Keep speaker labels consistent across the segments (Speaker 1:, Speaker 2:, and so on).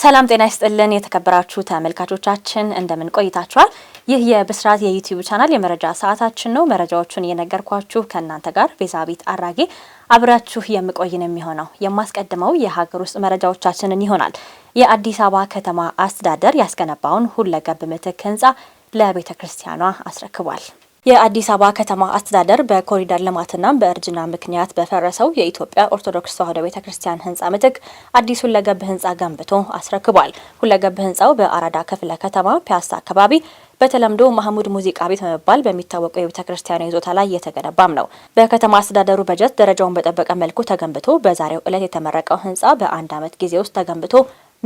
Speaker 1: ሰላም ጤና ይስጥልን የተከበራችሁ ተመልካቾቻችን እንደምን ቆይታችኋል? ይህ የብስራት የዩቲዩብ ቻናል የመረጃ ሰዓታችን ነው። መረጃዎቹን እየነገርኳችሁ ከእናንተ ጋር ቤዛቤት አራጌ አብራችሁ የምቆይን የሚሆነው የማስቀድመው የሀገር ውስጥ መረጃዎቻችንን ይሆናል። የአዲስ አበባ ከተማ አስተዳደር ያስገነባውን ሁለገብ ምትክ ህንፃ ለቤተ ክርስቲያኗ አስረክቧል። የአዲስ አበባ ከተማ አስተዳደር በኮሪደር ልማትና በእርጅና ምክንያት በፈረሰው የኢትዮጵያ ኦርቶዶክስ ተዋሕዶ ቤተ ክርስቲያን ህንፃ ምትክ አዲስ ሁለገብ ህንፃ ገንብቶ አስረክቧል። ሁለገብ ህንፃው በአራዳ ክፍለ ከተማ ፒያሳ አካባቢ በተለምዶ ማህሙድ ሙዚቃ ቤት በመባል በሚታወቀው የቤተ ክርስቲያኑ ይዞታ ላይ እየተገነባም ነው። በከተማ አስተዳደሩ በጀት ደረጃውን በጠበቀ መልኩ ተገንብቶ በዛሬው ዕለት የተመረቀው ህንፃ በአንድ ዓመት ጊዜ ውስጥ ተገንብቶ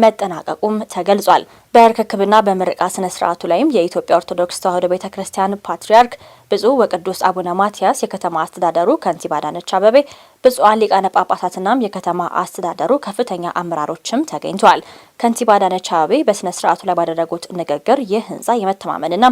Speaker 1: መጠናቀቁም ተገልጿል። በርክክብና በምርቃ ስነ ስርዓቱ ላይም የኢትዮጵያ ኦርቶዶክስ ተዋሕዶ ቤተ ክርስቲያን ፓትርያርክ ብፁዕ ወቅዱስ አቡነ ማትያስ፣ የከተማ አስተዳደሩ ከንቲባ አዳነች አበቤ፣ ብፁዓን ሊቃነ ጳጳሳትናም የከተማ አስተዳደሩ ከፍተኛ አመራሮችም ተገኝተዋል። ከንቲባ አዳነች አበቤ በስነ ስርዓቱ ላይ ባደረጉት ንግግር ይህ ህንፃ የመተማመንና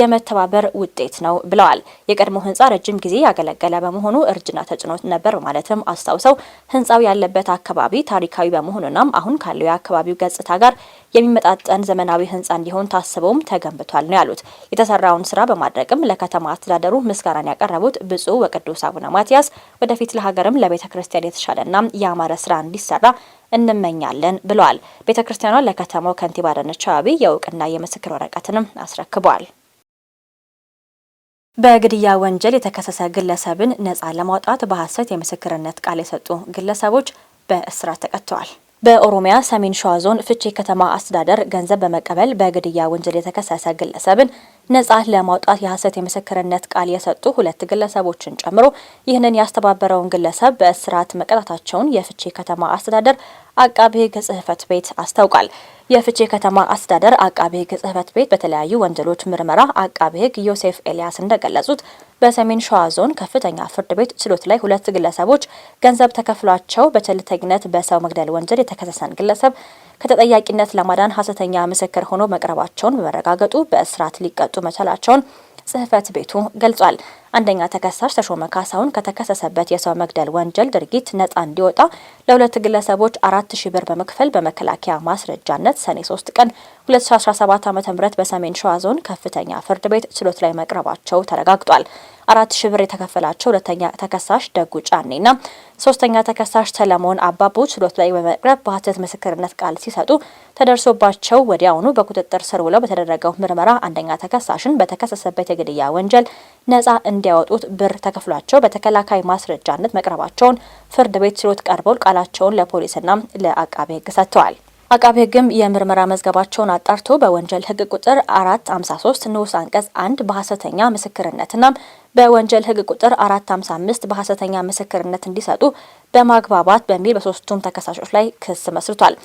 Speaker 1: የመተባበር ውጤት ነው ብለዋል። የቀድሞ ህንፃ ረጅም ጊዜ ያገለገለ በመሆኑ እርጅና ተጭኖ ነበር ማለትም አስታውሰው ህንፃው ያለበት አካባቢ ታሪካዊ በመሆኑናም አሁን ካለው የአካባቢው ገጽታ ጋር የሚመጣጠን ዘመናዊ ህንፃ እንዲሆን ታስበውም ተገንብቷል ነው ያሉት። የተሰራውን ስራ በማድረግም ለከተማ አስተዳደሩ ምስጋናን ያቀረቡት ብፁዕ ወቅዱስ አቡነ ማትያስ ወደፊት ለሀገርም ለቤተ ክርስቲያን የተሻለና የአማረ ስራ እንዲሰራ እንመኛለን ብለዋል። ቤተ ክርስቲያኗ ለከተማው ከንቲባ አዳነች አቤቤ የእውቅና የምስክር ወረቀትንም አስረክቧል። በግድያ ወንጀል የተከሰሰ ግለሰብን ነጻ ለማውጣት በሐሰት የምስክርነት ቃል የሰጡ ግለሰቦች በእስራት ተቀጥተዋል። በኦሮሚያ ሰሜን ሸዋ ዞን ፍቼ ከተማ አስተዳደር ገንዘብ በመቀበል በግድያ ወንጀል የተከሰሰ ግለሰብን ነጻ ለማውጣት የሐሰት የምስክርነት ቃል የሰጡ ሁለት ግለሰቦችን ጨምሮ ይህንን ያስተባበረውን ግለሰብ በእስራት መቀጣታቸውን የፍቼ ከተማ አስተዳደር አቃቤ ሕግ ጽህፈት ቤት አስታውቋል። የፍቼ ከተማ አስተዳደር አቃቤ ሕግ ጽህፈት ቤት በተለያዩ ወንጀሎች ምርመራ አቃቤ ሕግ ዮሴፍ ኤልያስ እንደገለጹት በሰሜን ሸዋ ዞን ከፍተኛ ፍርድ ቤት ችሎት ላይ ሁለት ግለሰቦች ገንዘብ ተከፍሏቸው በቸልተኝነት በሰው መግደል ወንጀል የተከሰሰን ግለሰብ ከተጠያቂነት ለማዳን ሐሰተኛ ምስክር ሆኖ መቅረባቸውን በመረጋገጡ በእስራት ሊቀጡ ሊሰጡ መቻላቸውን ጽህፈት ቤቱ ገልጿል። አንደኛ ተከሳሽ ተሾመ ካሳሁን ከተከሰሰበት የሰው መግደል ወንጀል ድርጊት ነጻ እንዲወጣ ለሁለት ግለሰቦች አራት ሺ ብር በመክፈል በመከላከያ ማስረጃነት ሰኔ 3 ቀን 2017 ዓ ም በሰሜን ሸዋ ዞን ከፍተኛ ፍርድ ቤት ችሎት ላይ መቅረባቸው ተረጋግጧል። አራት ሺ ብር የተከፈላቸው ሁለተኛ ተከሳሽ ደጉ ጫኔና ሶስተኛ ተከሳሽ ሰለሞን አባቦ ችሎት ላይ በመቅረብ በሀሰት ምስክርነት ቃል ሲሰጡ ተደርሶባቸው ወዲያውኑ በቁጥጥር ስር ውለው በተደረገው ምርመራ አንደኛ ተከሳሽን በተከሰሰበት የግድያ ወንጀል ነጻ እንዲያወጡት ብር ተከፍሏቸው በተከላካይ ማስረጃነት መቅረባቸውን ፍርድ ቤት ችሎት ቀርበው ቃላቸውን ለፖሊስና ለአቃቤ ሕግ ሰጥተዋል። አቃቤ ሕግም የምርመራ መዝገባቸውን አጣርቶ በወንጀል ሕግ ቁጥር 453 ንዑስ አንቀጽ 1 በሐሰተኛ ምስክርነትና በወንጀል ሕግ ቁጥር 455 በሐሰተኛ ምስክርነት እንዲሰጡ በማግባባት በሚል በሶስቱም ተከሳሾች ላይ ክስ መስርቷል።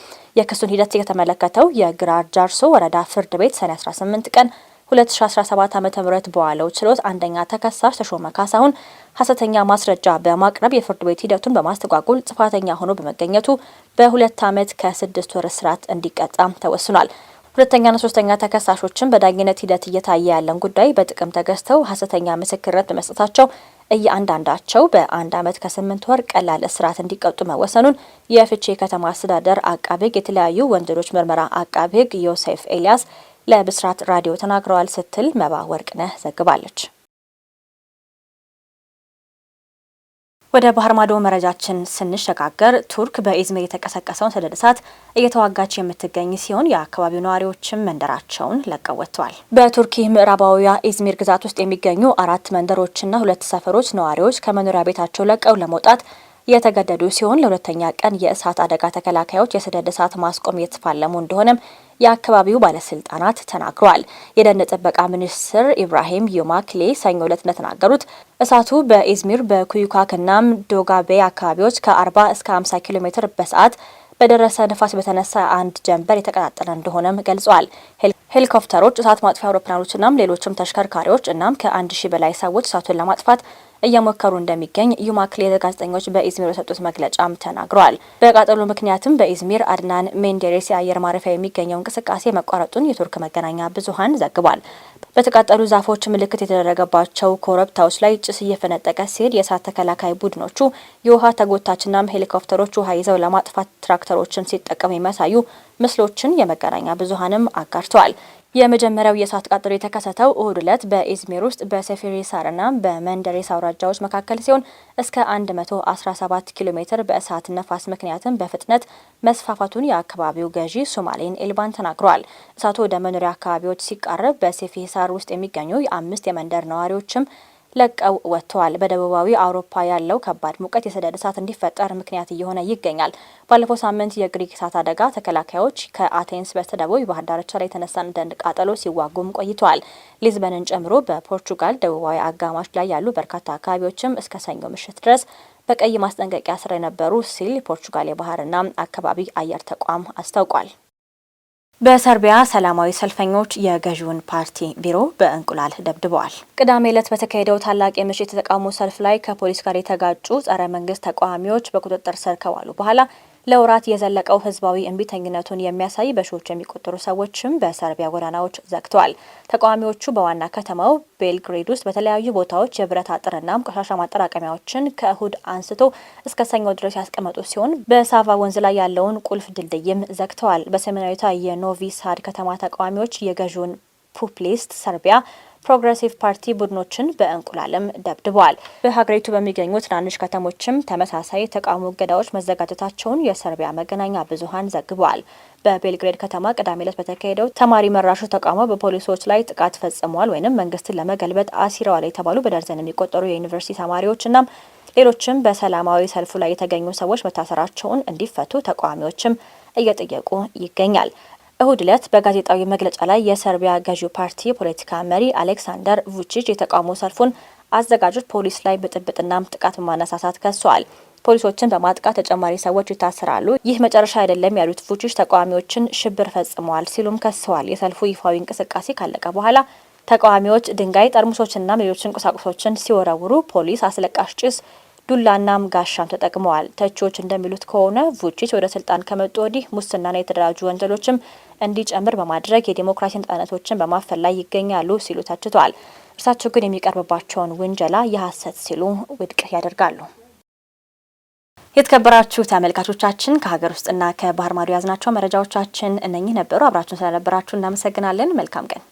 Speaker 1: የክሱን ሂደት የተመለከተው የግራር ጃርሶ ወረዳ ፍርድ ቤት ሰኔ 18 ቀን 2017 ዓ.ም በዋለው ችሎት አንደኛ ተከሳሽ ተሾመ ካሳሁን ሐሰተኛ ማስረጃ በማቅረብ የፍርድ ቤት ሂደቱን በማስተጓጎል ጥፋተኛ ሆኖ በመገኘቱ በሁለት ዓመት ከስድስት ወር እስራት እንዲቀጣ ተወስኗል። ሁለተኛና ሶስተኛ ተከሳሾችም በዳኝነት ሂደት እየታየ ያለን ጉዳይ በጥቅም ተገዝተው ሐሰተኛ ምስክርነት በመስጠታቸው እያንዳንዳቸው በአንድ ዓመት ከስምንት ወር ቀላል እስራት እንዲቀጡ መወሰኑን የፍቼ ከተማ አስተዳደር አቃቤ ሕግ የተለያዩ ወንጀሎች ምርመራ አቃቤ ሕግ ዮሴፍ ኤልያስ ለብስራት ራዲዮ ተናግረዋል ስትል መባ ወርቅነህ ዘግባለች። ወደ ባህር ማዶ መረጃችን ስንሸጋገር ቱርክ በኢዝሜር የተቀሰቀሰውን ሰደድ እሳት እየተዋጋች የምትገኝ ሲሆን የአካባቢው ነዋሪዎችም መንደራቸውን ለቀው ወጥተዋል። በቱርኪ ምዕራባዊያ ኢዝሚር ግዛት ውስጥ የሚገኙ አራት መንደሮችና ሁለት ሰፈሮች ነዋሪዎች ከመኖሪያ ቤታቸው ለቀው ለመውጣት የተገደዱ ሲሆን ለሁለተኛ ቀን የእሳት አደጋ ተከላካዮች የሰደድ እሳት ማስቆም እየተፋለሙ እንደሆነም የአካባቢው ባለስልጣናት ተናግረዋል። የደን ጥበቃ ሚኒስትር ኢብራሂም ዩማ ክሌ ሰኞ ለት እንደተናገሩት እሳቱ በኢዝሚር በኩዩካክ እናም ዶጋቤ አካባቢዎች ከ40 እስከ 50 ኪሎ ሜትር በሰዓት በደረሰ ንፋስ በተነሳ አንድ ጀንበር የተቀጣጠለ እንደሆነም ገልጿል። ሄሊኮፕተሮች፣ እሳት ማጥፊያ አውሮፕላኖች እናም ሌሎችም ተሽከርካሪዎች እናም ከአንድ ሺህ በላይ ሰዎች እሳቱን ለማጥፋት እየሞከሩ እንደሚገኝ ዩማክሌ ለጋዜጠኞች በኢዝሚር በሰጡት መግለጫም ተናግረዋል። በቃጠሎ ምክንያትም በኢዝሚር አድናን ሜንዴሬስ የአየር ማረፊያ የሚገኘው እንቅስቃሴ መቋረጡን የቱርክ መገናኛ ብዙኃን ዘግቧል። በተቃጠሉ ዛፎች ምልክት የተደረገባቸው ኮረብታዎች ላይ ጭስ እየፈነጠቀ ሲሄድ የእሳት ተከላካይ ቡድኖቹ የውሃ ተጎታችናም ሄሊኮፕተሮች ውሃ ይዘው ለማጥፋት ትራክተሮችን ሲጠቀሙ የሚያሳዩ ምስሎችን የመገናኛ ብዙሃንም አጋርተዋል። የመጀመሪያው የእሳት ቃጠሎ የተከሰተው እሁድ ዕለት በኢዝሚር ውስጥ በሴፌሬሳርና በመንደሬስ አውራጃዎች መካከል ሲሆን እስከ 117 ኪሎ ሜትር በእሳት ነፋስ ምክንያትም በፍጥነት መስፋፋቱን የአካባቢው ገዢ ሶማሌን ኤልባን ተናግሯል። እሳቱ ወደ መኖሪያ አካባቢዎች ሲቃረብ በሴፌሳር ውስጥ የሚገኙ የአምስት የመንደር ነዋሪዎችም ለቀው ወጥተዋል። በደቡባዊ አውሮፓ ያለው ከባድ ሙቀት የሰደድ እሳት እንዲፈጠር ምክንያት እየሆነ ይገኛል። ባለፈው ሳምንት የግሪክ እሳት አደጋ ተከላካዮች ከአቴንስ በስተደቡብ ባህር ዳርቻ ላይ የተነሳን ደን ቃጠሎ ሲዋጉም ቆይተዋል። ሊዝበንን ጨምሮ በፖርቹጋል ደቡባዊ አጋማሽ ላይ ያሉ በርካታ አካባቢዎችም እስከ ሰኞ ምሽት ድረስ በቀይ ማስጠንቀቂያ ስር የነበሩ ሲል የፖርቹጋል የባህርና አካባቢ አየር ተቋም አስታውቋል። በሰርቢያ ሰላማዊ ሰልፈኞች የገዢውን ፓርቲ ቢሮ በእንቁላል ደብድበዋል። ቅዳሜ ዕለት በተካሄደው ታላቅ የምሽት የተቃውሞ ሰልፍ ላይ ከፖሊስ ጋር የተጋጩ ጸረ መንግስት ተቃዋሚዎች በቁጥጥር ስር ከዋሉ በኋላ ለወራት የዘለቀው ህዝባዊ እምቢተኝነቱን የሚያሳይ በሺዎች የሚቆጠሩ ሰዎችም በሰርቢያ ጎዳናዎች ዘግተዋል። ተቃዋሚዎቹ በዋና ከተማው ቤልግሬድ ውስጥ በተለያዩ ቦታዎች የብረት አጥርና ቆሻሻ ማጠራቀሚያዎችን ከእሁድ አንስቶ እስከ ሰኞ ድረስ ያስቀመጡ ሲሆን በሳቫ ወንዝ ላይ ያለውን ቁልፍ ድልድይም ዘግተዋል። በሰሜናዊቷ የኖቪ ሳድ ከተማ ተቃዋሚዎች የገዢውን ፖፕሊስት ሰርቢያ ፕሮግረሲቭ ፓርቲ ቡድኖችን በእንቁላልም ደብድበዋል። በሀገሪቱ በሚገኙ ትናንሽ ከተሞችም ተመሳሳይ የተቃውሞ እገዳዎች መዘጋጀታቸውን የሰርቢያ መገናኛ ብዙሃን ዘግበዋል። በቤልግሬድ ከተማ ቅዳሜ ዕለት በተካሄደው ተማሪ መራሹ ተቃውሞ በፖሊሶች ላይ ጥቃት ፈጽመዋል ወይም መንግስትን ለመገልበጥ አሲረዋል የተባሉ በደርዘን የሚቆጠሩ የዩኒቨርሲቲ ተማሪዎችና ሌሎችም በሰላማዊ ሰልፉ ላይ የተገኙ ሰዎች መታሰራቸውን እንዲፈቱ ተቃዋሚዎችም እየጠየቁ ይገኛል። እሁድ ዕለት በጋዜጣዊ መግለጫ ላይ የሰርቢያ ገዢው ፓርቲ ፖለቲካ መሪ አሌክሳንደር ቩቺች የተቃውሞ ሰልፉን አዘጋጆች ፖሊስ ላይ ብጥብጥና ጥቃት በማነሳሳት ከሰዋል። ፖሊሶችን በማጥቃት ተጨማሪ ሰዎች ይታሰራሉ፣ ይህ መጨረሻ አይደለም ያሉት vuቺች ተቃዋሚዎችን ሽብር ፈጽመዋል ሲሉም ከሰዋል። የሰልፉ ይፋዊ እንቅስቃሴ ካለቀ በኋላ ተቃዋሚዎች ድንጋይ፣ ጠርሙሶችና ሌሎች ቁሳቁሶችን ሲወረውሩ ፖሊስ አስለቃሽ ጭስ ዱላናም ጋሻም ተጠቅመዋል። ተቺዎች እንደሚሉት ከሆነ vucic ወደ ስልጣን ከመጡ ወዲህ ሙስናና የተደራጁ ወንጀሎችም እንዲጨምር በማድረግ የዲሞክራሲ ነጻነቶችን በማፈን ላይ ይገኛሉ ሲሉ ተችቷል። እርሳቸው ግን የሚቀርብባቸውን ውንጀላ የሐሰት ሲሉ ውድቅ ያደርጋሉ። የተከበራችሁ ተመልካቾቻችን ከሀገር ውስጥና ከባህር ማዶ የያዝናቸው መረጃዎቻችን እነኚህ ነበሩ። አብራችሁን ስለነበራችሁ እናመሰግናለን። መልካም ቀን